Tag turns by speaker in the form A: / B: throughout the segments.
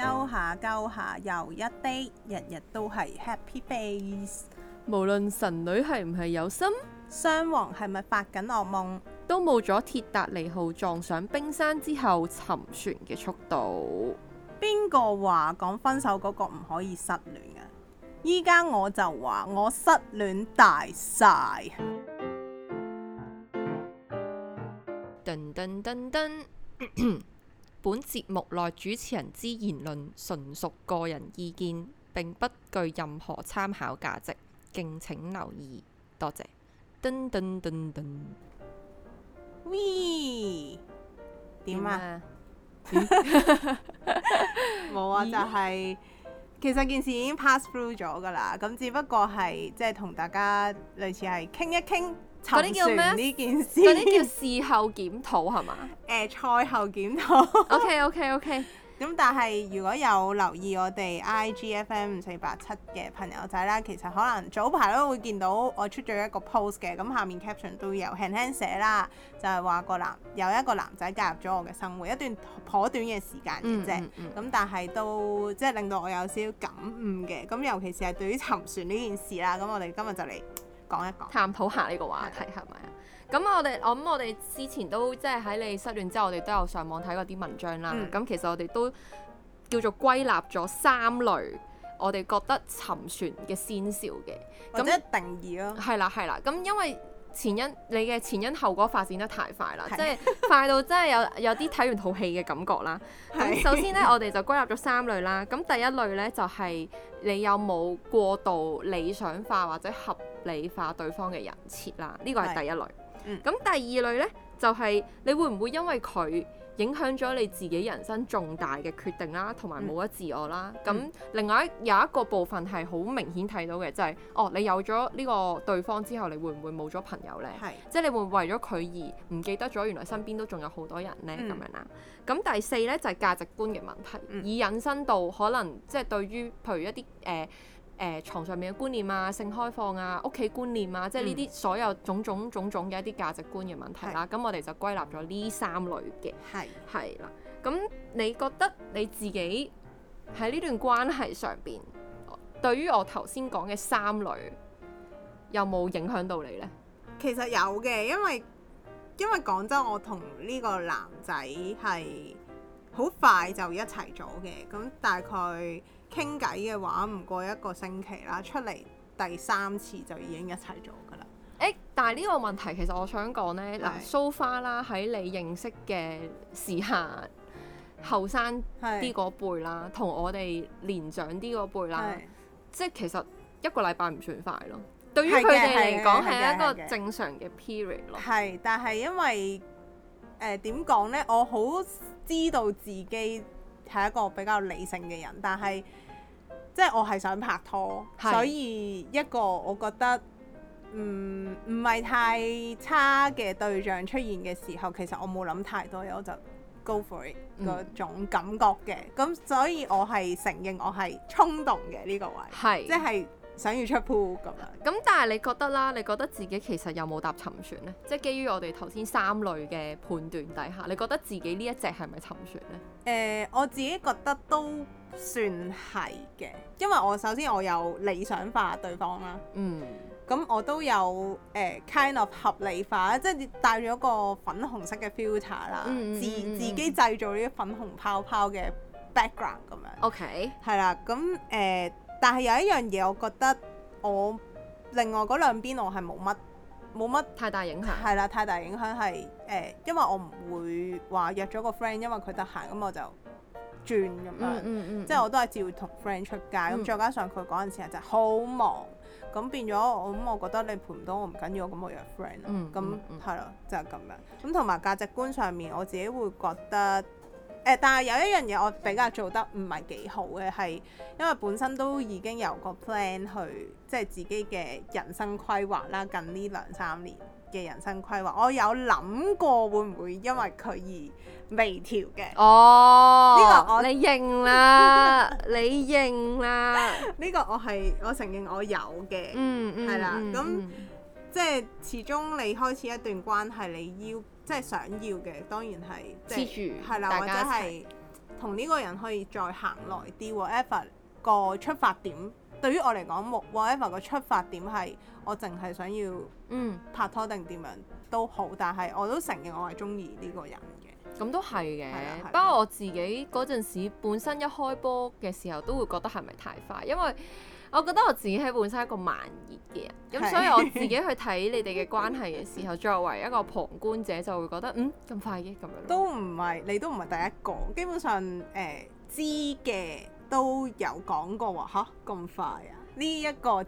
A: 勾下勾下又一滴，日日都
B: 係 Happy Base。無論神女係唔係有心，襄王係咪發緊惡夢，都冇咗鐵達尼號撞上冰山之後沉船嘅速度。邊個話講分手嗰個唔可以失戀嘅、啊？
A: 依家我就話我失戀大晒。噔，
B: 噔噔噔噔。 本節目內主持人之言論純屬個人意見，並不具任何參考價值，敬請留意。多謝。噔噔噔噔。
A: 喂？
B: 點啊？
A: 冇啊，就係、是、其實件事已經 pass through 咗㗎喇，咁只不過係即係同大家類似係傾一傾。嗰啲叫咩？呢沉麼件嗰啲叫事後檢討係嘛？誒、 呃，賽後檢討。OK OK OK。咁 但係如果有留意我哋 IGFM 四八七嘅朋友仔啦，其實可能早排都會見到我出咗一個 post 嘅，咁下面 caption 都有輕輕寫啦，就係、是、話個男有一個男仔介入咗我嘅生活一段頗短嘅時間嘅啫，咁、嗯嗯、 但係都即係令到我有少少感悟嘅，咁尤其
B: 是係對於沉船呢件事啦，咁我哋今日就嚟。講一講，探討下呢個話題，係咪啊？咁我哋，我諗我哋之前都即係喺你失戀之後，我哋都有上網睇過啲文章啦。咁、嗯、其實我哋都叫做歸納咗三類，我哋覺得沉船嘅先兆嘅，或者定義、啊，咯那，係啦係啦。咁因為前因你嘅前因後果發展得太快啦，的即係快到真係有有啲睇完套戲嘅感覺啦。咁的首先咧，我哋就歸納咗三類啦。咁第一類咧就係、是、你有冇過度理想化或者合理化對方嘅人設啦，呢個係第一類。咁、嗯、第二類呢，就係、是、你會唔會因為佢影響咗你自己人生重大嘅決定啦，同埋冇咗自我啦。咁、嗯、另外一有一個部分係好明顯睇到嘅，就係、是、哦，你有咗呢個對方之後，你會唔會冇咗朋友呢？即係是你會，會為咗佢而唔記得咗原來身邊都仲有好多人呢。咁樣啦。咁第四呢，就係、是、價值觀嘅問題，嗯、以引申到可能即係、就是、對於譬如一啲誒。呃誒牀、呃、上面嘅觀念啊，性開放啊，屋企觀念啊，即係呢啲所有種種種種嘅一啲價值觀嘅問題啦。咁、嗯、我哋就歸納咗呢三類嘅，係係啦。咁的你覺得你自己喺呢段關係上邊，對於我頭先講嘅三類，有冇影響到你呢？其實有
A: 嘅，因為因為講真，我同呢個男仔係好快就一齊咗嘅，咁大概。傾偈嘅話，唔過一個星
B: 期啦，出嚟第三次就已經一齊咗㗎啦。但係呢個問題其實我想講呢，嗱是，蘇花啦喺你認識嘅時下後生啲嗰輩啦，同是我哋年長啲嗰輩啦，是即係其實一個禮拜唔算快咯。對於佢哋嚟講係一個正常嘅 period 咯。係，
A: 但係因為誒點講呢，我好知道自己，係一個比較理性嘅人，但係即係我係想拍拖，是所以一個我覺得唔唔係太差嘅對象出現嘅時候，其實我冇諗太多，我就 go for 嗰、嗯、種感覺嘅。咁所以我係承認我係衝動嘅呢、呢個位，是即
B: 係。想要出鋪咁樣，咁、嗯、但係你覺得啦，你覺得自己其實有冇搭沉船呢？即係基於我哋頭先三類嘅判斷底下，你覺得自己呢一隻係咪沉船呢？
A: 誒、呃，我自己覺得都算係嘅，
B: 因為我首先我有
A: 理想化對方啦，嗯，咁我都有誒、呃、kind of 合理化，即係帶咗個粉紅色嘅 filter 啦，嗯嗯自自己製造呢啲粉紅泡泡嘅 background 咁樣、嗯、，OK，係啦，咁、嗯、誒。呃但係有一樣嘢，我覺得我另外嗰兩邊我係冇乜冇乜太大影響，係啦，太大影響係誒、呃，因為我唔會話約咗個 friend，因為佢得閒，咁我就轉咁樣，嗯嗯嗯、即係我都係照同 friend 出街。咁再、嗯、加上佢嗰陣時係就好忙，咁變咗我咁，我覺得你陪唔到我唔緊要，咁我約 friend 啦。咁係咯，就係、係、咁樣。咁同埋價值觀上面，我自己會覺得。但係有一樣嘢我比較做得唔係幾好嘅係，因為本身都已經有個 plan 去即係自己嘅人生規劃啦。近呢兩三年嘅人生規劃，我有諗過會唔會因為佢而微調嘅。哦，呢個我你認啦， 你認啦。呢 個我係我承認我有嘅、嗯。嗯嗯，係啦、嗯。咁即係始終你開始一段關係，你要。即係想要嘅，當然係即係，係啦，或者係同呢個人可以再行耐啲。Whatever 個出發點，對於我嚟講，whatever 個出發點係我淨係想要嗯拍拖定點樣
B: 都好，嗯、但係我都承認我係中意呢個人嘅。咁都係嘅，不過我自己嗰陣時本身一開波嘅時候都會覺得係咪太快，因為。我覺得我自己係本身一個慢熱嘅人，咁是所以我自己去睇你哋嘅關係嘅時候， 作為一個旁觀者就會覺得，嗯，咁快嘅？咁樣。都唔係，你都唔係第一個，基
A: 本上誒、呃、知嘅都有講過話，吓，咁快啊？
B: 呢、這、一個。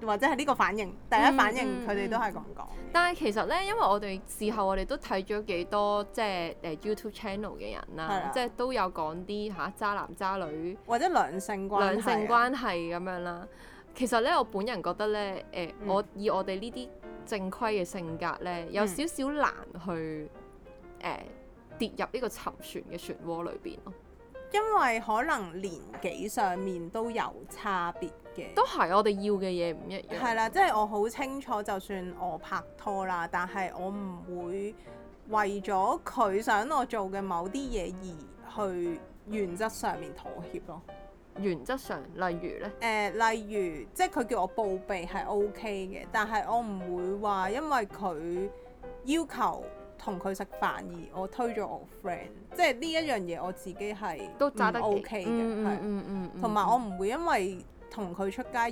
B: 或者係呢個反應，第一反應佢哋、嗯、都係咁講。但係其實呢，因為我哋事後我哋都睇咗幾多即係、啊、YouTube channel 嘅人啦、啊，的即係都有講啲嚇渣男渣女或者兩性關兩性關係咁樣啦。其實呢，我本人覺得呢，誒、呃嗯、我以我哋呢啲正規嘅性格呢，有少少難去誒、嗯呃、跌入呢個沉船嘅漩渦裏邊咯。因為可能年紀上面都
A: 有差別
B: 嘅。都係，我哋要嘅嘢唔一樣。係啦，即係我
A: 好清楚，就算我拍拖啦，但係我唔會為咗佢想我做嘅某啲嘢而去原則上面妥協咯。原則上，例如呢，誒、呃，例如即係佢叫我報備係 OK 嘅，但係我唔會話因為佢要求。同佢食飯而我推咗我 friend，、嗯、即係呢一樣嘢我自己係都揸得 OK 嘅，係，嗯、嗯，同埋我唔會因為同佢出街而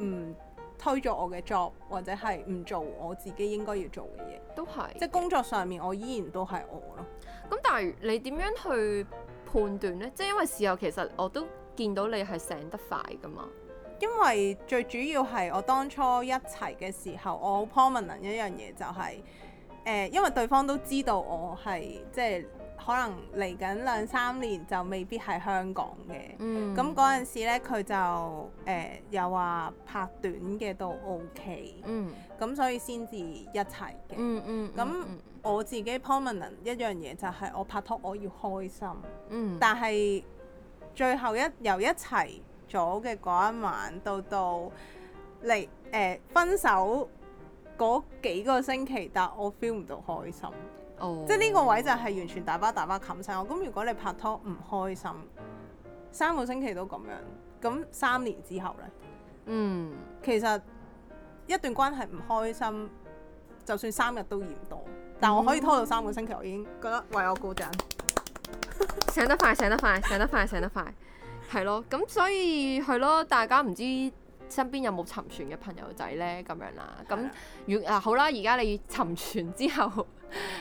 A: 唔推咗我嘅 job 或者係唔做我自己
B: 應該要做嘅嘢，都係即係工作上面我依然都係我咯。咁、嗯、但係你點樣去判斷呢？即係因為事後其實我都見到你係醒得快噶嘛。
A: 因為最主要係我當初一齊嘅時候，我好 prominent 一樣嘢就係、是。誒、呃，因為對方都知道我係即係可能嚟緊兩三年就未必係香港嘅，咁嗰陣時咧佢就誒、呃、又話拍短嘅都 OK，咁所以先至一齊嘅。咁我自己 permanent 一樣嘢就係、是、我拍拖我要開心，嗯、但係最後一由一齊咗嘅嗰一晚到到嚟誒、呃、分手。嗰幾個星期，但我 feel 唔到開心，oh. 即係呢個位就係完全大把大把冚晒。我諗如果你拍拖唔開心，三個星期都咁樣，咁三年之後呢？嗯，mm. 其實一段關係唔開心，就算三日都嫌多，但我可以拖到三個星期，mm. 我已經覺得為我鼓掌。
B: 醒得快，醒得快，醒得快，醒得快，係咯， 咁所以係咯，大家唔知，身邊有冇沉船嘅朋友仔呢？咁樣啦？咁的如啊好啦，而家你沉船之後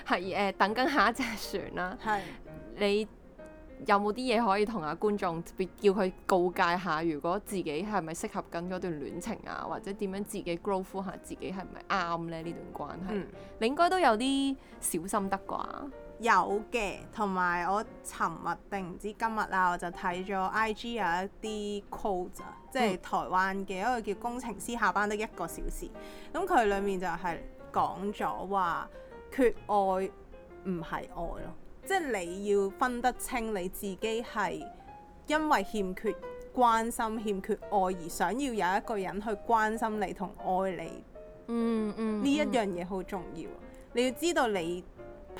B: 係誒、 呃、等緊下一隻船啦。係的你有冇啲嘢可以同下觀眾特別叫佢告誡下，如果自己係咪適合緊嗰段戀情啊，或者點樣自己 grow up 下自己係咪啱咧呢段關係？嗯、你應該都有啲小心得啩？
A: 有嘅，同埋我尋日定唔知今日啊，我就睇咗 IG 有一啲 quote 啊，嗯、即係台灣嘅一個叫工程師下班得一個小時，咁佢裡面就係講咗話缺愛唔係愛咯，即係你要分得清你自己係因為欠缺關心、欠缺愛而想要有一個人去關心你同愛你，嗯嗯，呢、嗯嗯、一樣嘢好重要，你要知道你。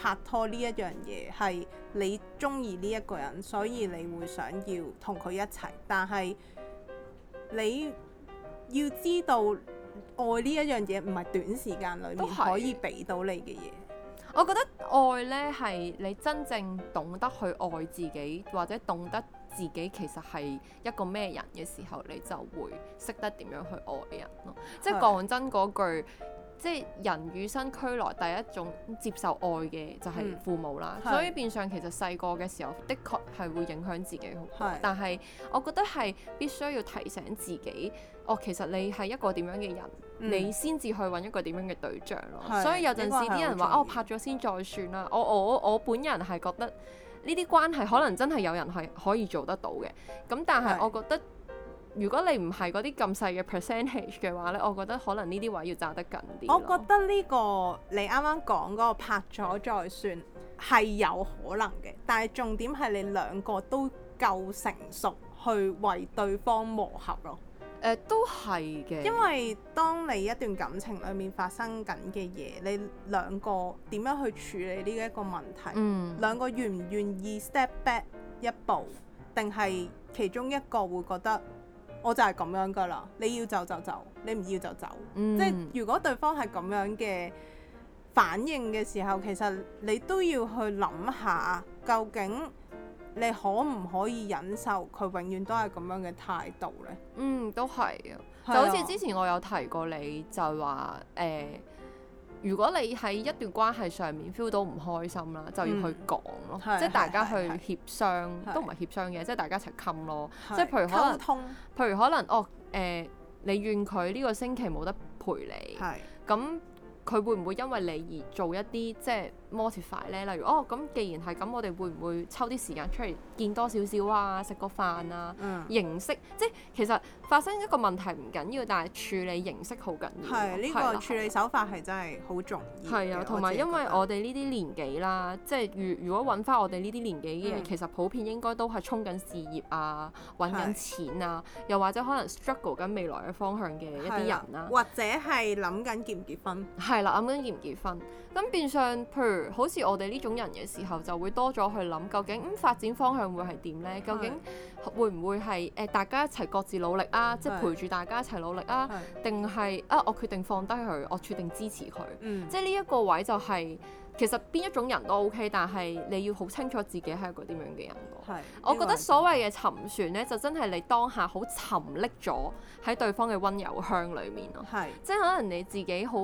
A: 拍拖呢一樣嘢係你中意呢一個人，所以你會想要同佢一齊。但係你要知道，愛呢一樣嘢唔係短時間裏面可以俾到你嘅嘢。
B: 我覺得愛呢係你真正懂得去愛自己，或者懂得自己其實係一個咩人嘅時候，你就會識得點樣去愛人咯。嗯、即係講真嗰句。即係人與生俱來第一種接受愛嘅就係父母啦，嗯、所以變相其實細個嘅時候的確係會影響自己，是但係我覺得係必須要提醒自己，哦，其實你係一個點樣嘅人，嗯、你先至去揾一個點樣嘅對象咯。是所以有陣時啲人話啊，我拍咗先再算啦。我我我本人係覺得呢啲關係可能真係有人係可以做得到嘅，咁但係我覺得。如果你唔係嗰啲咁細嘅 percentage 嘅話呢，我覺得可能呢啲位要揸得緊啲。我覺得呢、呢個
A: 你啱啱講嗰個拍咗再算係、嗯、有可能嘅，但係重點係你兩個都夠成熟去為對方磨合咯、
B: 呃。都係嘅。因為
A: 當你一段感情裡面發生緊嘅嘢，你兩個點樣去處理呢一個問題？嗯，兩個願唔願意 step back 一步，定係其中一個會覺得？我就係咁樣噶啦，你要走就走，你唔要就走。嗯、即係如果對方係咁樣嘅反應嘅時候，其實你都要去諗下，究竟你可唔可以忍受佢永遠都係咁樣嘅態度呢？
B: 嗯，都係啊，就好似之前我有提過你，就係、是、話，誒如果你喺一段關係上面 feel 到唔開心啦，嗯、就要去講咯，是即係大家去協商，是都唔係協商嘅，是即係大家一齊冚咯，是即係譬如可能，痛譬如可能哦，誒、呃，你怨佢呢個星期冇得陪你，咁是。佢會唔會因為你而做一啲即係 modify 咧？例如哦，咁既然係咁，我哋會唔會抽啲時間出嚟見多少少啊？食個飯啊？嗯、形式即係其實發生一個問題唔緊要，但係處理形式好緊要。係呢對了個處理手法係真係好重要。係啊，同埋因為我哋呢啲年紀啦，即係如如果搵翻我哋呢啲年紀嘅人、嗯、其實普遍應該都係衝緊事業啊，搵緊錢啊，了又或者可能 struggle 緊未來嘅方向嘅一啲人啊，或者係諗緊結唔結婚？係。係啦，諗緊結唔結婚，咁變相譬如好似我哋呢種人嘅時候，就會多咗去諗究竟咁、嗯、發展方向會係點呢？是究竟會唔會係誒、呃、大家一齊各自努力啊？是即係陪住大家一齊努力啊？定係是啊我決定放低佢，我決定支持佢。嗯、即係呢一個位就係、是、其實邊一種人都 OK，但係你要好清楚自己係一個點樣嘅人。係是，我覺得所謂嘅沉船呢，就真係你當下好沉溺咗喺對方嘅温柔鄉裏面咯。即係是可能你自己好。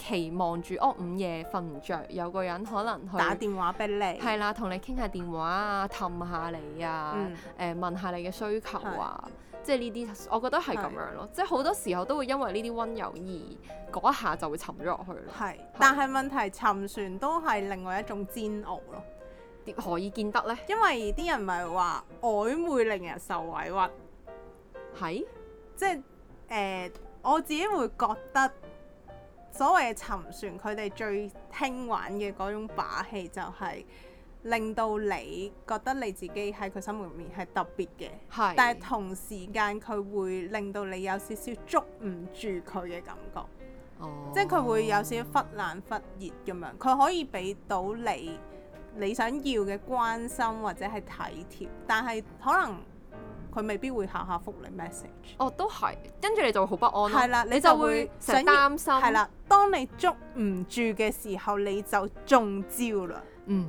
B: 期望住屋、哦、午夜瞓唔着，有個人可能去打電話俾你，係啦，同你傾下電話啊，氹下你啊，誒、嗯呃、問下你嘅需求啊，即係呢啲，我覺得係咁樣咯，即係好多時候都會因為呢啲温柔而嗰一下就會沉咗落去咯。係，但係問題沉船都係另
A: 外一種煎熬
B: 咯。何以見得
A: 呢？因為啲人唔係話曖昧令人，人受委屈，係即係我自己會覺得。所謂嘅沉船，佢哋最聽玩嘅嗰種把戲就係、係、令到你覺得你自己喺佢心裏面係特別嘅，係。但係同時間佢會令到你有少少捉唔住佢嘅感覺，
B: 哦。即係佢
A: 會有少少忽冷忽熱咁樣，佢可以俾到你你想要嘅關心或者係體貼，但係可能。佢未必會下下覆你 message。哦，
B: 都係，跟住你就好不安咯、啊。係啦，你就會想就會擔心。係啦，
A: 當你捉唔住嘅時候，你就中招啦。嗯，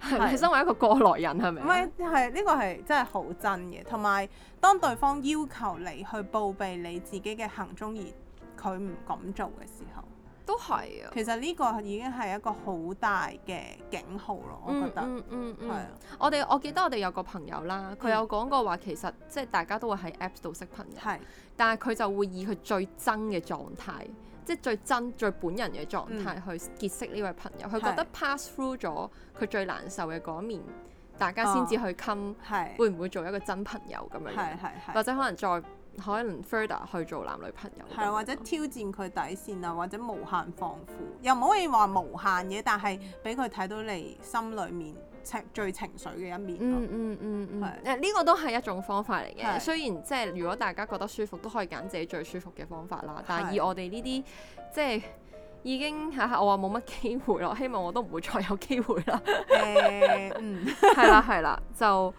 A: 係身為一個過來人，係咪的？唔係嗎，係呢、呢個係真係好真嘅。同埋，當對方要求你去報備你自己嘅行蹤而佢唔敢做嘅時候。都係啊，其實
B: 呢個已經係一個好大嘅警號咯，我覺得。嗯嗯嗯，係、嗯、啊。嗯、是我哋我記得我哋有個朋友啦，佢有講過話，其實即係大家都會喺 Apps 度識朋友，係是。但係佢就會以佢最真嘅狀態，即係最真最本人嘅狀態去結識呢位朋友。佢、嗯、覺得 pass through 咗佢最難受嘅嗰一面，大家先至去 come 會唔會做一個真朋友咁樣？係或者可能再。可能 Further 去做男女朋友，係或
A: 者挑戰佢底線啊，或者無限放負，又唔可以話無限嘅，但係俾佢睇到你心裏面情最情緒嘅一
B: 面咯。嗯嗯嗯嗯，係，誒呢個都係一種方法嚟嘅。雖然即係如果大家覺得舒服，都可以揀自己最舒服嘅方法啦。但係以我哋呢啲即係已經吓吓，我話冇乜機會咯。希望我都唔會再有機會啦。誒，嗯，係啦係啦，就。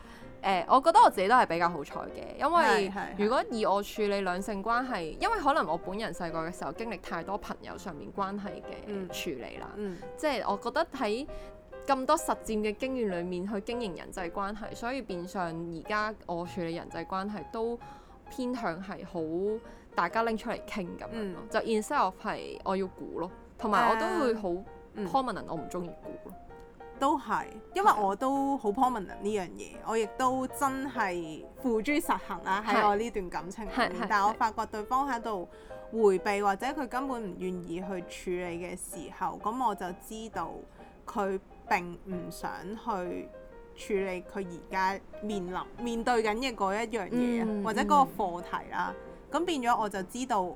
B: 誒、呃，我覺得我自己都係比較好彩嘅，因為如果以我處理兩性關係，因為可能我本人細個嘅時候經歷太多朋友上面關係嘅處理啦，嗯嗯、即係我覺得喺咁多實戰嘅經驗裡面去經營人際關係，所以變相而家我處理人際關係都偏向係好大家拎出嚟傾咁樣咯，嗯、就 instead of 係我要估咯，同埋我都會好 common，我唔中意估咯。嗯嗯都係，因為我都好 prominent
A: 呢樣嘢，我亦都真係付諸實行啦、啊、喺的我呢段感情入面。的但係我發覺對方喺度迴避，或者佢根本唔願意去處理嘅時候，咁我就知道佢並唔想去處理佢而家面臨面對緊嘅嗰一樣嘢、嗯嗯、或者嗰個課題啦。咁變咗我就知道。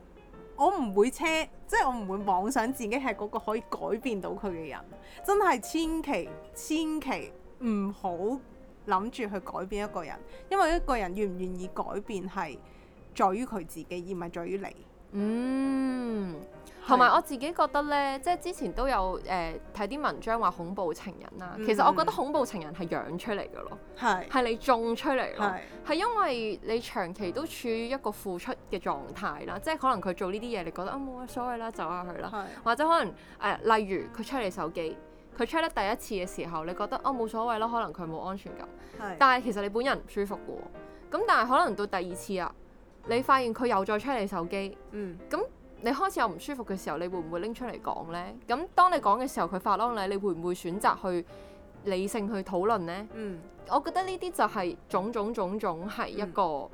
A: 我唔會車，即係我唔會妄想自己係嗰個可以改變到佢嘅人。真係千祈千祈唔好諗住去改變一個人，因為一個人願唔願意改變係在於佢自己，而唔係在於你。
B: 嗯，同埋是我自己覺得咧，即係之前都有誒睇啲文章話恐怖情人啦。嗯、其實我覺得恐怖情人係養出嚟嘅咯，係是你種出嚟咯，係是因為你長期都處於一個付出嘅狀態啦。即係可能佢做呢啲嘢，你覺得啊冇乜所謂啦，走下去啦，是或者可能誒、呃，例如佢 check 你手機，佢 check 得第一次嘅時候，你覺得啊冇所謂啦，可能佢冇安全感，是但係其實你本人唔舒服嘅喎。咁但係可能到第二次啊。你發現佢又再出你手機，咁、嗯、你開始有唔舒服嘅時候，你會唔會拎出嚟講呢？咁當你講嘅時候，佢發嬲你，你會唔會選擇去理性去討論呢？嗯，我覺得呢啲就係種種種種係一個、嗯、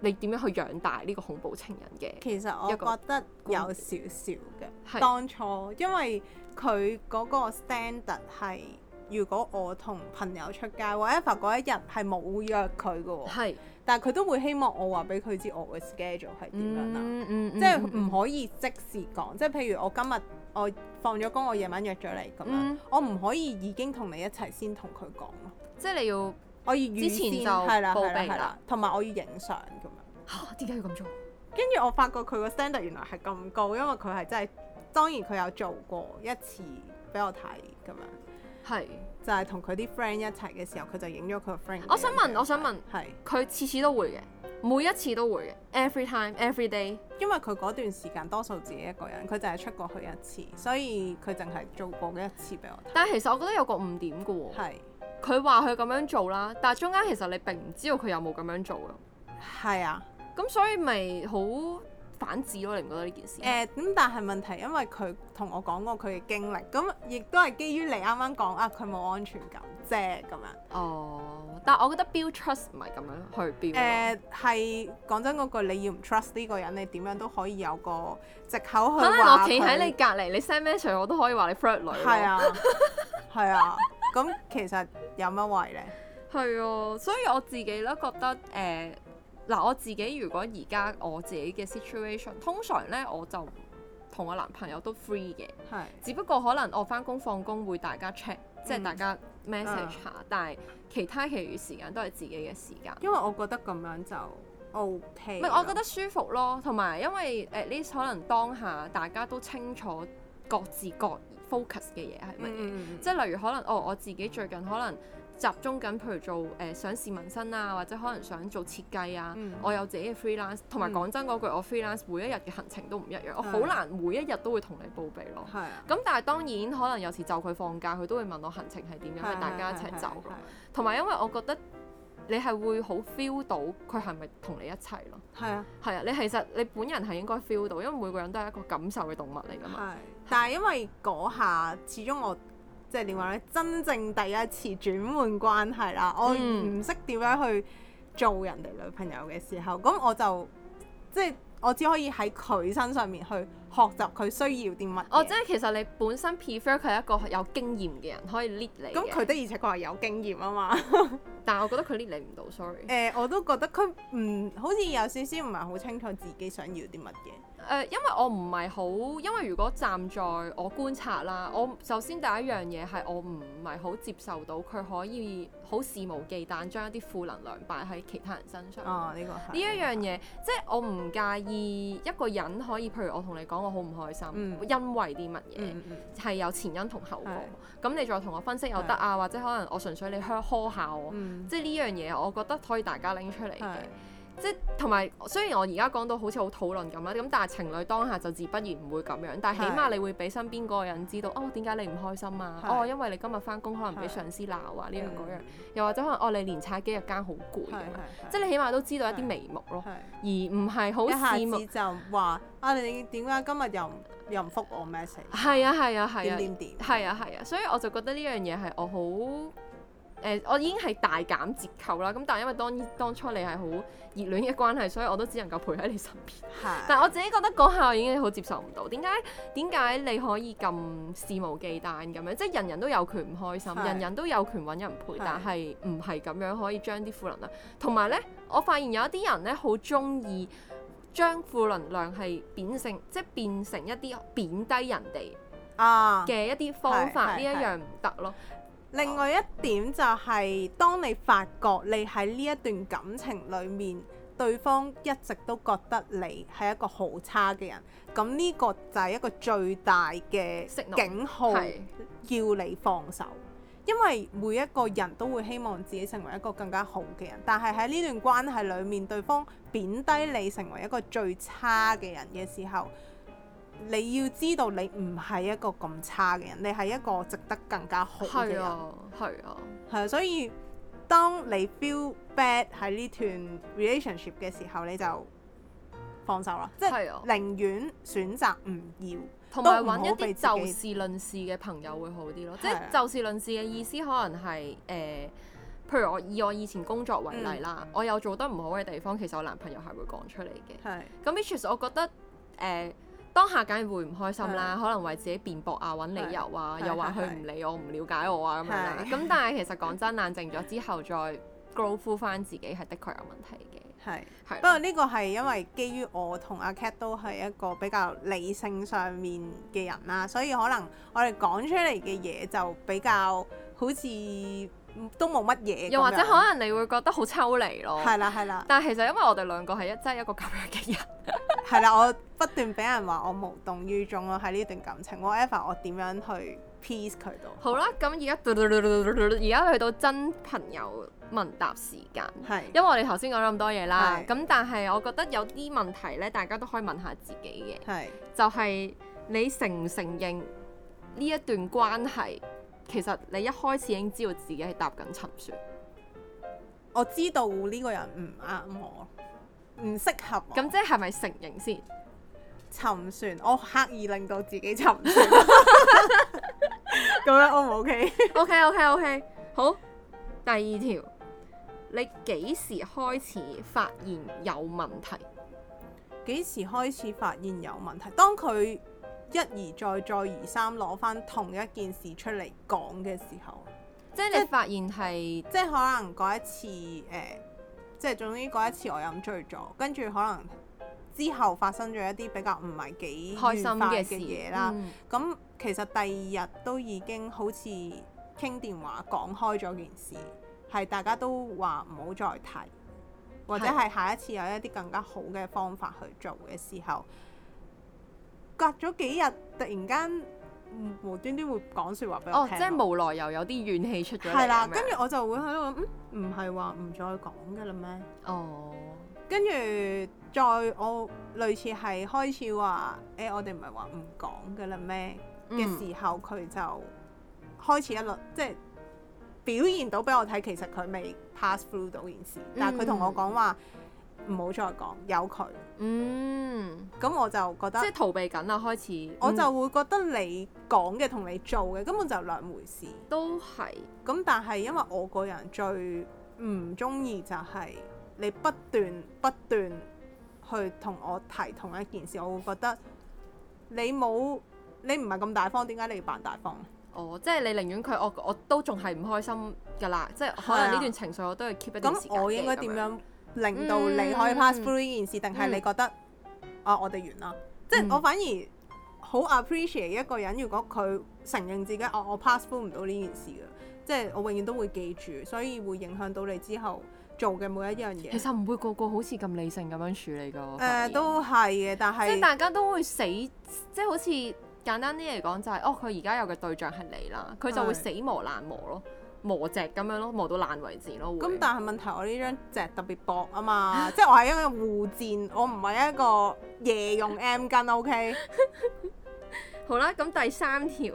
B: 你點樣去養大呢個恐怖情人嘅。其實我覺得有少少嘅是當
A: 初，因為佢嗰個 standard 係。如果我同朋友出街，或者 v 嗰一日係冇約佢嘅喎，是但係佢都會希望我話俾佢知我嘅 schedule 係點樣啦，嗯嗯嗯、即係唔可以即時講，嗯、即係譬如我今日我放咗工，我夜晚約咗你咁樣，嗯、我唔可以已經同你一齊先同佢講咯，即係你要我要預先之前就報備啦，同埋我要影相咁樣嚇，點解要咁做？跟住我發覺佢個 standard 原來係咁高，因為佢係真係當然佢有做過一次俾我睇咁樣。係，是就係同佢啲 friend 一齊嘅時候，佢就影咗佢個 friend。我想問，我，我想問，係佢次次都會嘅，每一次都會嘅，every time，every day。因為佢嗰段時間多數自己一個人，佢就係出去過去一次，所以
B: 佢淨係做過一次俾我睇。但係其實我覺得有個誤點嘅喎、哦，係佢話佢咁樣做啦，但係中間其實你並唔知道佢有冇咁樣做咯。係啊，咁所以咪好。反智咯，你唔覺得呢件事？誒咁、呃，但係問題，因為佢同我講過
A: 佢嘅經歷，咁亦都係基於你啱啱講啊，佢冇安全感啫
B: 咁樣。哦。
A: 但係我覺得 build trust
B: 唔係咁樣去 Build 標、呃。誒係
A: 講真嗰句，你要唔 trust 呢個人，你點樣都可以有個藉口去話佢。我企喺你
B: 隔離，你 send 咩 message，
A: 我都可以話你 fraud 女。係啊。係啊。咁、 嗯、其實有乜為咧？
B: 係啊，所以我自己都覺得誒。嗯嗱，我自己如果而家我自己嘅 situation，通常咧我就同我男朋友都 free 嘅，係是。只不過可能我返工放工會大家 check、嗯、即係大家 message 下，啊、但係其他其餘時間都係自己嘅時間，因為我覺得咁樣就 OK。唔係，我覺得舒服咯，同埋因為誒呢，可能當下大家都清楚各自各 focus 嘅嘢係咪？嗯、即係例如可能哦，我自己最近可能，集中緊，譬如做誒、呃、想試紋身啊，或者可能想做設計啊，嗯、我有自己嘅 freelance，同埋講、嗯、真嗰句，我 freelance 每一日嘅行程都唔一樣，嗯、我好難每一日都會同你報備咯。係咁、啊、但係當然可能有時就佢放假，佢都會問我行程係點樣，啊、大家一齊走咯。係同埋因為我覺得你係會好 feel 到佢係咪同你一齊咯。係啊。係啊，你其實你本人係應該 feel 到，因為每個人都係一個感受嘅動物嚟㗎嘛。但係因為
A: 嗰下，始終我。即係點話咧？真正第一次轉換關係啦，我唔識點樣去做人哋女朋友嘅時候，咁、嗯、我就即係我只可以喺佢身上面去學習佢需要啲乜。哦，即係其實你
B: 本身 prefer 佢係一個有經驗嘅人可以 lead 你嘅。咁佢的而且確係有經驗啊嘛， 但係我覺得佢 lead 你唔到，sorry。
A: 誒、呃，我都覺得佢唔好似有少少唔係好清楚自己想要啲乜嘢。
B: 呃、因為我唔係好，因為如果站在我觀察啦，我首先第一樣嘢係我唔係好接受到佢可以好肆無忌憚將一啲負能量擺喺其他人身上。呢、哦呢個係呢一樣嘢，嗯、即係我唔介意一個人可以，譬如我同你講我好唔開心，嗯、因為啲乜嘢係有前因同後果。咁是你再同我分析又得啊，是或者可能我純粹你呵下我，嗯、即係呢樣嘢，我覺得可以大家拎出嚟嘅。即同埋，雖然我而家講到好似好討論咁啦，咁但係情侶當下就自不然唔會咁樣。但係起碼你會俾身邊嗰個人知道，哦點解你唔開心啊？是哦因為你今日翻工可能俾上司鬧啊，呢樣嗰樣。又或者可能哦你連踩機日間好攰啊，是是是是即係你起碼都知道一啲眉目咯，是是而唔係好一下就話啊你點解今日又又唔覆我 message？係啊係啊係啊係啊係啊，所以我就覺得呢樣嘢係我好。誒、呃，我已經係大減折扣啦，咁但係因為當當初你係好熱戀嘅關係，所以我都只能夠陪喺你身邊。是但係我自己覺得嗰下我已經好接受唔到，點解點解你可以咁肆無忌憚咁樣？即係人人都有權唔開心，是人人都有權揾人陪，是但係唔係咁樣可以將啲負能量。同埋呢，我發現有一啲人呢，好中意將負能量係變性，即係變成一啲貶低人哋嘅一啲方法，呢一樣唔得咯。
A: 另外一點就係、是，當你發覺你喺呢一段感情裡面，對方一直都覺得你係一個好差嘅人，咁呢個就係一個最大嘅警號，信號，係。要你放手。因為每一個人都會希望自己成為一個更加好嘅人，但係喺呢段關係裡面，對方貶低你成為一個最差嘅人嘅時候。你要知道，你唔係一個咁差嘅人，你係一個值得更加好嘅人。
B: 係啊，係啊，
A: 係啊，所以當你 feel bad 喺呢段 relationship 嘅時候，你就
B: 放手啦，即係、啊、寧願選擇唔要，同埋揾一啲就事論事嘅朋友會好啲咯。即係、啊、就事論事嘅意思，可能係誒、呃，譬如我以我以前工作為例啦，嗯、我有做得唔好嘅地方，其實我男朋友係會講出嚟嘅。係、啊。咁，which 我覺得誒。呃當下梗係會唔開心啦，Yeah. 可能為自己辯駁啊，揾理由啊，Yeah. 又話佢唔理我、唔 Yeah. 了解我啊咁 Yeah. 樣咁 Yeah. 但係其實講真，冷靜咗之後再 grow up 翻自己係的確有問題嘅。係 Yeah.，係。不過
A: 呢個係因為基於我同阿 Cat 都係一個比較理性上面嘅人啦，所以可能我哋講出嚟嘅嘢就比較好似。都冇乜嘢，又或者可能
B: 你會覺得好抽離咯。係啦，係啦。但係其實因為我哋兩個係一，即係一個咁樣嘅人。
A: 係啦，我不斷俾人話我無動於衷咯，喺呢段感情，whatever，我點樣去 peace 佢到？
B: 好啦，咁而家而家去到真朋友問答時間。係，因為我哋頭先講咗咁多嘢啦，咁但係我覺得有啲問題咧，大家都可以問下自己嘅。係。就係你承唔承認呢一段關係？其實你一開始已經知道自己係搭緊沉船，
A: 我知道呢個人唔啱我，唔適合我。咁即係
B: 咪承認先？沉船，我刻意令到自己沉船。咁 樣 O 唔 OK？OK OK OK, okay. 好，第二條，你幾時開始發現有問題？
A: 幾時開始發現有問題？當佢，一而再、再而三攞翻同一件事出嚟講嘅時候，即係你發現係、呃，即係可能嗰一次誒，即係總之嗰一次我飲醉咗，跟住可能之後發生咗一啲比較唔係幾開心嘅嘅嘢啦。咁、嗯、其實第二日都已經好似傾電話講開咗件事，係大家都話唔好再提，或者係下一次有一啲更加好嘅方法
B: 去做嘅時
A: 候。隔咗幾日，突然間無，無端端會講説話俾我聽、哦，即係無
B: 奈又有啲怨氣出咗嚟。係啦，咁樣跟住我
A: 就會喺度諗，唔係話唔再講嘅啦咩？哦，跟住再我類似係開始話，誒、欸、我哋唔係話唔講嘅啦咩嘅時候，佢就開始一輪，即係表現到俾我睇，其實佢未 pass through 到件事，嗯、但係佢同我講話。唔好再講，有佢。嗯，咁我就覺得即係逃避緊啦，開始。嗯、我就會覺得你講嘅同你做嘅根本就兩回事。都係。咁但係因為我個人最唔中意就係你不斷、嗯、不斷不斷去同我提同一件事，我會覺得你冇你唔係咁大方，點解你要扮大方？
B: 哦，即係你寧願佢我我都仲係唔開心噶啦，嗯、即係可能呢段情緒我都要 keep、嗯、一段時間嘅咁。嗯、我應該點樣？
A: 令到你可以 pass through 呢件
B: 事，定係、嗯、你覺得、
A: 嗯、啊，我哋完啦。即係、嗯、我反而好 appreciate 一個人，如果佢承認自己哦、啊，我 pass through 唔到呢件事嘅，即係我永遠都會記住，所以會影響到你之後做嘅每一樣嘢。其實
B: 唔會個個好似咁理性咁樣處理㗎。誒、呃，都係嘅，但係即係大家都會死，即、就、係、是、好似簡單啲嚟講就係、是、哦，佢而家有嘅對象係你啦，佢就會死磨爛磨咯。磨隻咁樣咯，磨到爛為止咯。咁但係問題，我呢張隻特別薄啊嘛，
A: 即係我係一個護墊，我唔係一
B: 個夜用 M 巾。O.、Okay? K. 好啦，咁第三條，誒、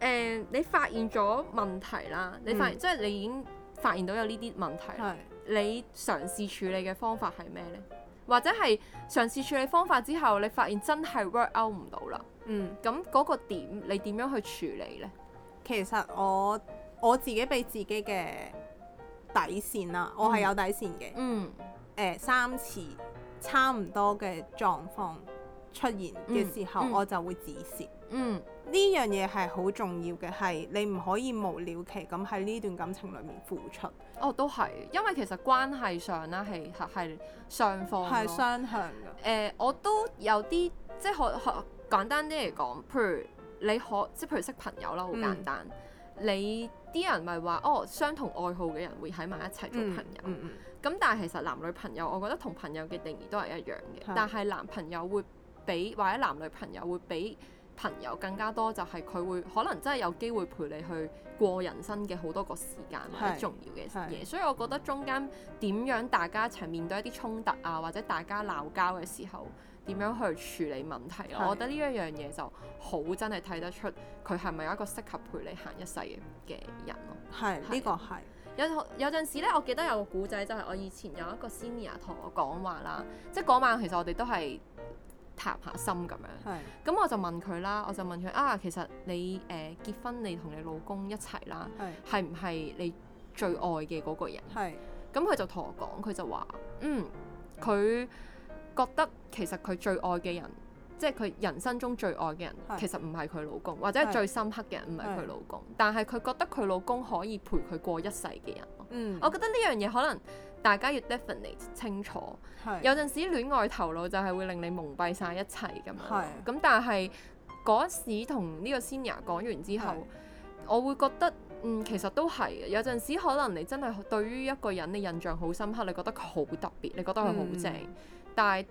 B: 呃，你發現咗問題啦？你發現、嗯、即係你已經發現到有呢啲問題，是你嘗試處理嘅方法係咩呢？或者係嘗試處理方法之後，你發現真係 work out 唔到啦。嗯，咁嗰個點，你點樣去處理呢？其實我。我自己俾自己嘅
A: 底線啦、啊，嗯、我係有底線嘅。嗯、呃。三次差唔多嘅狀況出現嘅時候，嗯嗯、我就會止蝕。嗯。呢樣嘢係好重要嘅，係你唔可以無了期咁喺呢段感情裏面付出。
B: 哦，都係，因為其實關係上啦，係係雙方。係雙向嘅、呃。我都有啲即係可可簡單啲嚟講，譬如你可即係譬如識朋友啦，好簡單，嗯、你。啲人咪話哦，相同愛好嘅人會喺埋一齊做朋友。咁、嗯嗯、但係其實男女朋友，我覺得同朋友嘅定義都係一樣嘅。嗯、但係男朋友會比或者男女朋友會比朋友更加多，就係佢會可能真係有機會陪你去過人生嘅好多個時間或者重要嘅嘢，所以我覺得中間點樣大家一齊面對一啲衝突啊，或者大家鬧交嘅時候，點樣去處理問題，是我覺得呢一樣嘢就好真係睇得出佢係咪有一個適合陪你行一世嘅人咯。係呢個係有有陣時咧，我記得有個古仔就係、是、我以前有一個 senior 同我講話啦，嗯、即係嗰晚其實我哋都係。談下心咁樣，咁是我就問佢啦，我就問佢啊，其實你誒、呃、結婚你同你老公一齊啦，係唔係你最愛嘅嗰個人？係是，咁佢就同我講，佢就話，嗯，佢覺得其實佢最愛嘅人，即係佢人生中最愛嘅人，其實唔係佢老公，是或者係最深刻嘅人唔係佢老公，但係佢覺得佢老公可以陪佢過一世嘅人。嗯、我覺得呢樣嘢可能。大家要 define 清楚，是有陣時戀愛頭腦就係會令你蒙蔽晒一切咁樣，咁是、嗯、但係嗰時同呢個 senior 講完之後，是我會覺得嗯，其實都係，有陣時可能你真係對於一個人你印象好深刻，你覺得佢好特別，你覺得佢好正，嗯、但係。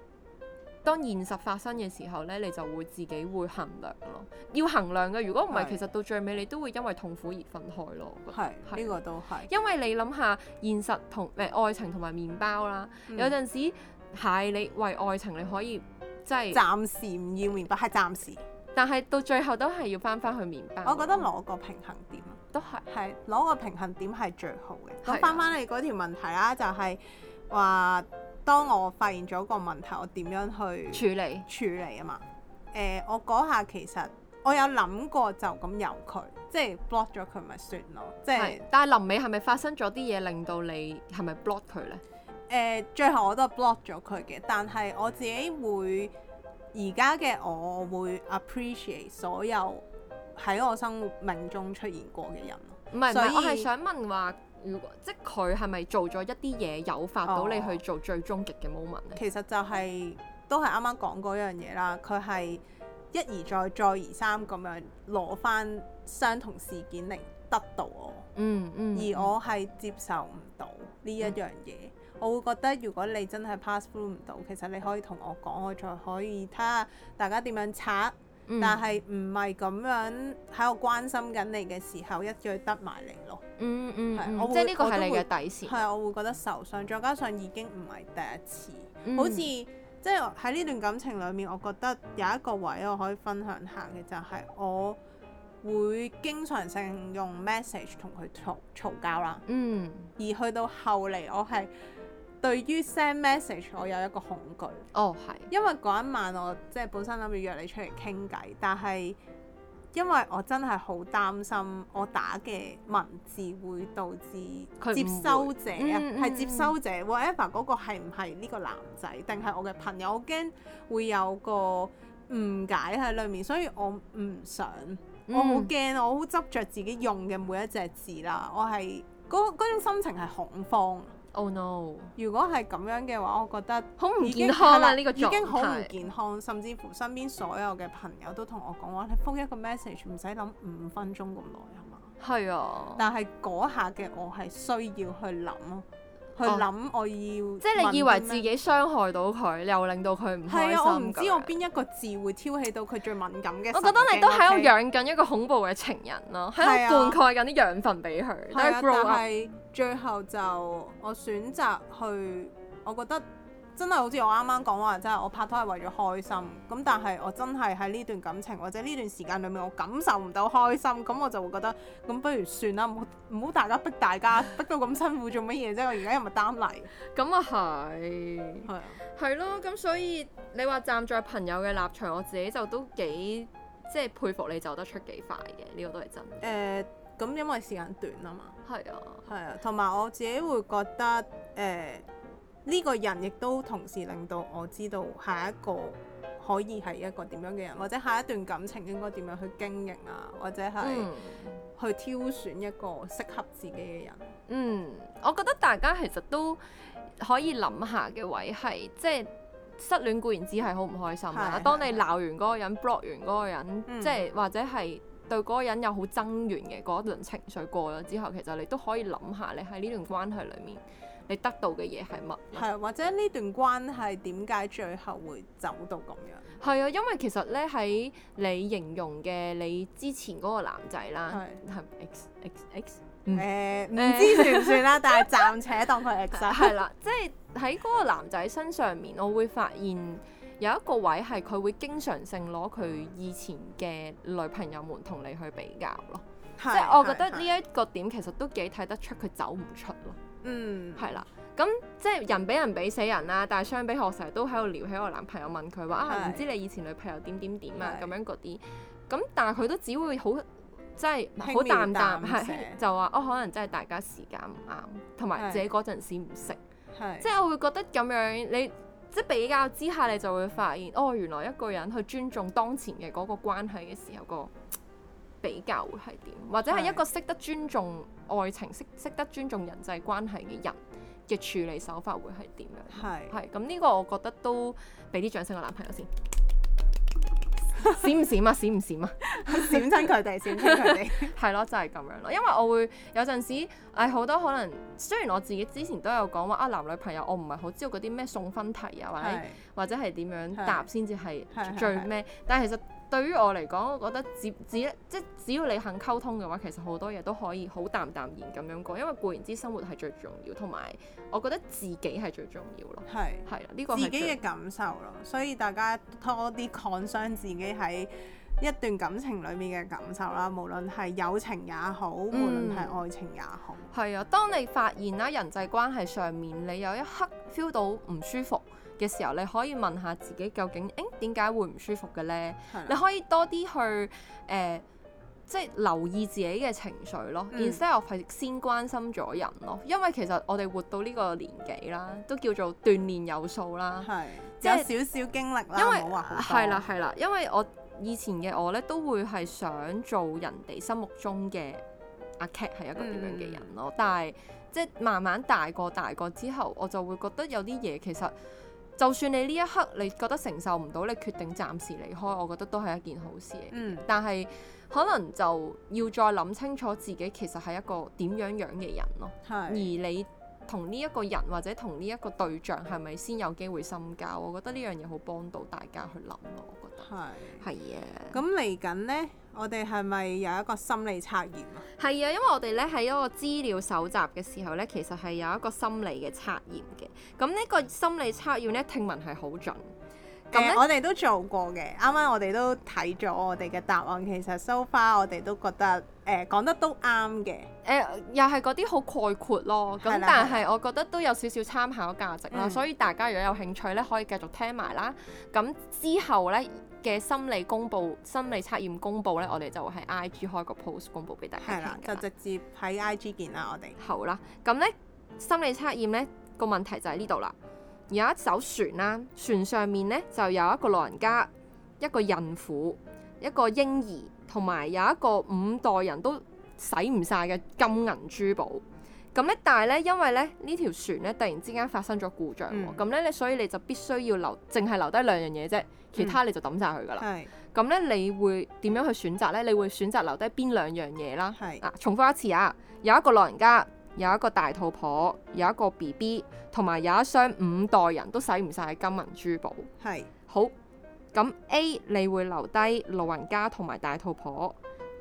B: 當現實發生嘅時候呢，你就會自己會衡量咯。要衡量嘅，如果唔係，其實到最尾你都會因為痛苦而分開咯。係是，呢是個都係。因為你諗下現實同誒愛情同埋麪包啦，嗯、有陣時係你為愛情你可以即係暫時唔要麪包，係暫時。但係到最後都係要翻翻去麪
A: 包。我覺得攞個平衡點都係係攞個平衡點係最好嘅。講翻翻你嗰條問題啦、啊，就係、是、話。當我發現咗個問題，我點樣去處理處理啊嘛？誒、呃，我嗰下其實我有諗過，
B: 就咁由佢，即
A: 係 block 咗佢咪算咯？
B: 是即係是，但係臨尾係咪發生咗啲嘢令到你係咪 block 佢咧？誒、呃，最後我都係 block 咗佢嘅，但係我自己
A: 會而家嘅我會 appreciate 所有
B: 喺我生命中出現過嘅人。唔係唔係，我係想問話。如果即係佢係咪做咗一啲嘢，誘發到你去做最終極嘅 moment？其實就係、係、
A: 都係啱啱講嗰樣嘢啦。佢係一而再，再而三咁樣攞翻相同事件嚟得到我，嗯嗯，嗯而我係接受唔到呢一樣嘢。嗯、我會覺得如果你真係 pass through 唔到，其實你可以同我講，我再可以睇下大家點樣拆。但係唔係咁樣，喺我關心緊你嘅時候一再得埋你咯，嗯
B: 嗯，我即係呢個都係你嘅底線，係我
A: 會覺得受傷，再加上已經唔係第一次，嗯、好似即係喺呢段感情裡面，我覺得有一個位我可以分享下嘅就係、是、我會經常性用 message 同佢嘈嘈交啦，嗯，而去到後嚟我係。對於 send message，我有一個恐懼。哦，係。因為嗰一晚我即係本身諗住約你出嚟傾偈，但係因為我真係好擔心我打嘅文字會導致接收者係接收者，嗯、嗯、接收者，whatever 嗰個係唔係呢個男仔，定係我嘅朋友？我驚會有個誤解喺裏面，所以我唔想。嗯，我好驚，我好執着自己用嘅每一隻字啦。我係嗰嗰種心情係恐慌。哦，no！如果係咁樣嘅話，我覺得好唔健康啦。呢個狀態已經好唔健康，甚至乎身邊所有嘅朋友都同我講話，你發一個 message 唔使諗五分鐘咁耐，係嘛？係啊。但係嗰下嘅我係需要去
B: 諗咯。去諗
A: 我要，哦，即係你以為自己
B: 傷害到佢，樣又令到佢唔開心咁。係啊，我唔知
A: 我邊一個字會挑起到佢最敏感嘅。我覺得你都喺度養
B: 緊一個恐怖嘅情人咯，喺度灌溉緊啲養分俾佢。係啊對，但係最後
A: 就我選擇去，我覺得。真係好似我啱啱講話，真係我拍拖係為咗開心。咁但係我真係喺呢段感情或者呢段時間裡面，我感受唔到開心，咁我就會覺得，咁不如算啦，唔好唔好大家逼大家，逼到咁辛苦做
B: 乜嘢啫？我而家又咪係擔泥。咁啊係，係啊，係咯、啊。咁所以你話站在朋友嘅立場，我自己就都幾即係佩服你走得出幾快嘅，呢、這個都係真嘅。誒、呃，咁因為時間短啊嘛。係啊。係啊，同埋我自己
A: 會覺得誒。呃呢個人亦都同時令到我知道下一個可以係一個點樣嘅人，或者下一段感情應該點樣去經營啊，或
B: 者係去挑選一個適合自己嘅人。嗯，我覺得大家其實都可以諗下嘅位係，即、就、係、係、失戀固然只係好唔開心啦。是是是是當你鬧完嗰個人、是是是 block 完嗰個人，即係、嗯就係、或者係對嗰個人有好憎完嘅嗰一段情緒過咗之後，其實你都可以諗下，你喺呢段關係裡面。你得到嘅嘢係乜？係啊，或者呢段關係點解最後會走到咁樣？係啊， 因為其實咧喺你形容嘅你之前嗰個男仔啦，係對 X X X 誒唔、嗯呃、知算唔算啦， 但係暫且當佢 X 啦。啦， 即係喺嗰個男仔身上面，我會發現有一個位係佢會經常性攞佢以前嘅女朋友們同你去比較咯。
A: 即係對我覺得呢
B: 一個點其實都幾睇得出佢走唔出咯。嗯，係啦、mm.，咁即係人俾人俾死人啦、啊，但係相比我成日都喺度撩起我男朋友問，問佢話啊，唔知你以前女朋友點點點啊，咁是樣嗰啲，咁但係佢都只會好即係好淡淡，係的就話哦，可能真係大家時間唔啱，同埋自己嗰陣時唔識，係是的即係我會覺得咁樣你即係比較之下你就會發現哦，原來一個人去尊重當前嘅嗰個關係嘅時候、那個。比較會係點，或者係一個識得尊重愛情、識識得尊重人際關係嘅人嘅處理手法會係點樣？係係咁呢個，我覺得都俾啲掌聲個男朋友先， 閃唔閃啊？閃唔閃啊？ 閃親佢哋，閃親佢哋，係咯，就係、是、咁樣咯。因為我會有陣時，誒、哎、好多可能，雖然我自己之前都有講話啊，男女朋友我唔係好知道嗰啲咩送分題啊，是或者或者係點樣答先至係最咩，但係其實。對於我嚟講，我覺得只只即係只要你肯溝通嘅話，其實好多嘢都可以好淡淡然咁樣過。因為固然之生活係最重要，同埋我覺得自己係最重要咯。係係啦，呢、呢個係自己嘅感受咯。所
A: 以大家多啲擴張自己喺一段感情裡面嘅感受啦，無論係友情也好，嗯、無論係愛情也
B: 好。係啊，當你發現啦，人際關係上面你有一刻 feel 到唔舒服。嘅時候，你可以問下自己究竟，誒點解會唔舒服嘅咧？是的 你可以多啲去誒、呃，即係留意自己嘅情緒咯。instead 係、嗯、先關心咗人咯，因為其實我哋活到呢個年紀啦，都叫做鍛鍊有數啦，是即係少少經歷啦。因為係啦係啦，因為我以前嘅我咧，都會係想做人哋心目中嘅阿 Cat 係一個點樣嘅人咯，嗯、但係即係慢慢大個大個之後，我就會覺得有啲嘢其實。就算你呢一刻你覺得承受唔到，你決定暫時離開，我覺得都係一件好事。嗯，但係可能就要再諗清楚自己其實係一個點樣樣嘅人咯。係，而你同呢一個人或者同呢一個對象係咪先有機會深交？我覺得呢樣嘢好幫到大家去諗咯。係，係啊。咁嚟緊呢，我哋係咪有一個心理測驗啊？係啊，因為我哋咧喺一個資料搜集嘅時候咧，其實係有一個心理嘅測驗嘅。咁呢個心理測驗咧，聽聞係好準。咁、呃、我哋
A: 都做過嘅。啱啱、嗯、我哋都睇咗我哋嘅答案，其實、so、far，我哋都覺得誒、呃、講得都啱嘅。
B: 誒、呃，又係嗰啲好概括咯。咁的但係的我覺得都有少少參考價值啦。嗯、所以大家如果有興趣咧，可以繼續聽埋啦。咁之後咧。嘅心理公布心理測驗公布咧，我哋就會喺 IG 開個 post 公布俾大家。係啦，就直接喺 IG 見啦，我哋。好啦，咁咧心理測驗咧個問題就喺呢度啦。有一艘船啦，船上面咧就有一個老人家、一個孕婦、一個嬰兒，同埋有一個五代人都使唔晒嘅金銀珠寶。咁咧，但係咧，因為咧呢條船咧突然之間發生咗故障，咁咧你所以你就必須要留，淨係留低兩樣嘢啫。其他你就抌晒佢噶啦，咁咧、嗯、你會點樣去選擇呢？你會選擇留低邊兩樣嘢啦係是啊，重複一次啊，有一個老人家，有一個大肚婆，有一個 B B，同埋有一雙五代人都使唔晒嘅金銀珠寶。係是好，咁 A 你會留低老人家同埋大肚婆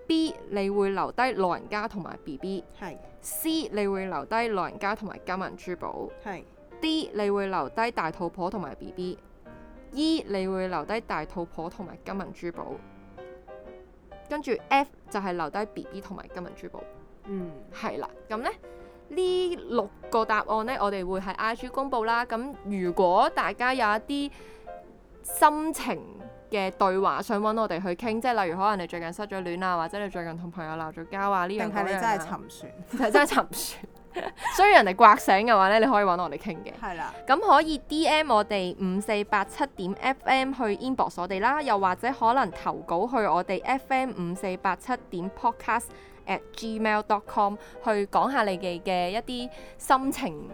B: ，B 你會留低老人家同埋 B B，係 C 你會留低老人家同埋金銀珠寶，係是 D 你會留低大肚婆同埋 B B。E 你會留低大肚婆同埋金銀珠寶，跟住 F 就係留低 BB 同埋金銀珠寶，嗯係啦，咁咧呢六個答案咧，我哋會喺 IG 公布啦。咁如果大家有一啲心情嘅對話，想揾我哋去傾，即係例如可能你最近失咗戀啊，或者你最近同朋友鬧咗交啊呢樣，定係你真係沉船，其實真係沉船。所以 人哋刮醒嘅話咧，你可以揾我哋傾嘅。係啦的，咁可以 D M 我哋五四八七點 F M 去 inbox 我哋啦，又或者可能投稿去我哋 F M 五四八七點 Podcast at gmail dot com 去講下你哋嘅一啲心情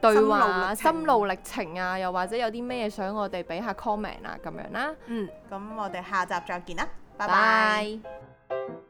B: 對話、心路歷程啊，又或者有啲咩想我哋俾下 comment 啊，咁樣啦。嗯，咁、嗯、我哋下集再見啦，拜拜。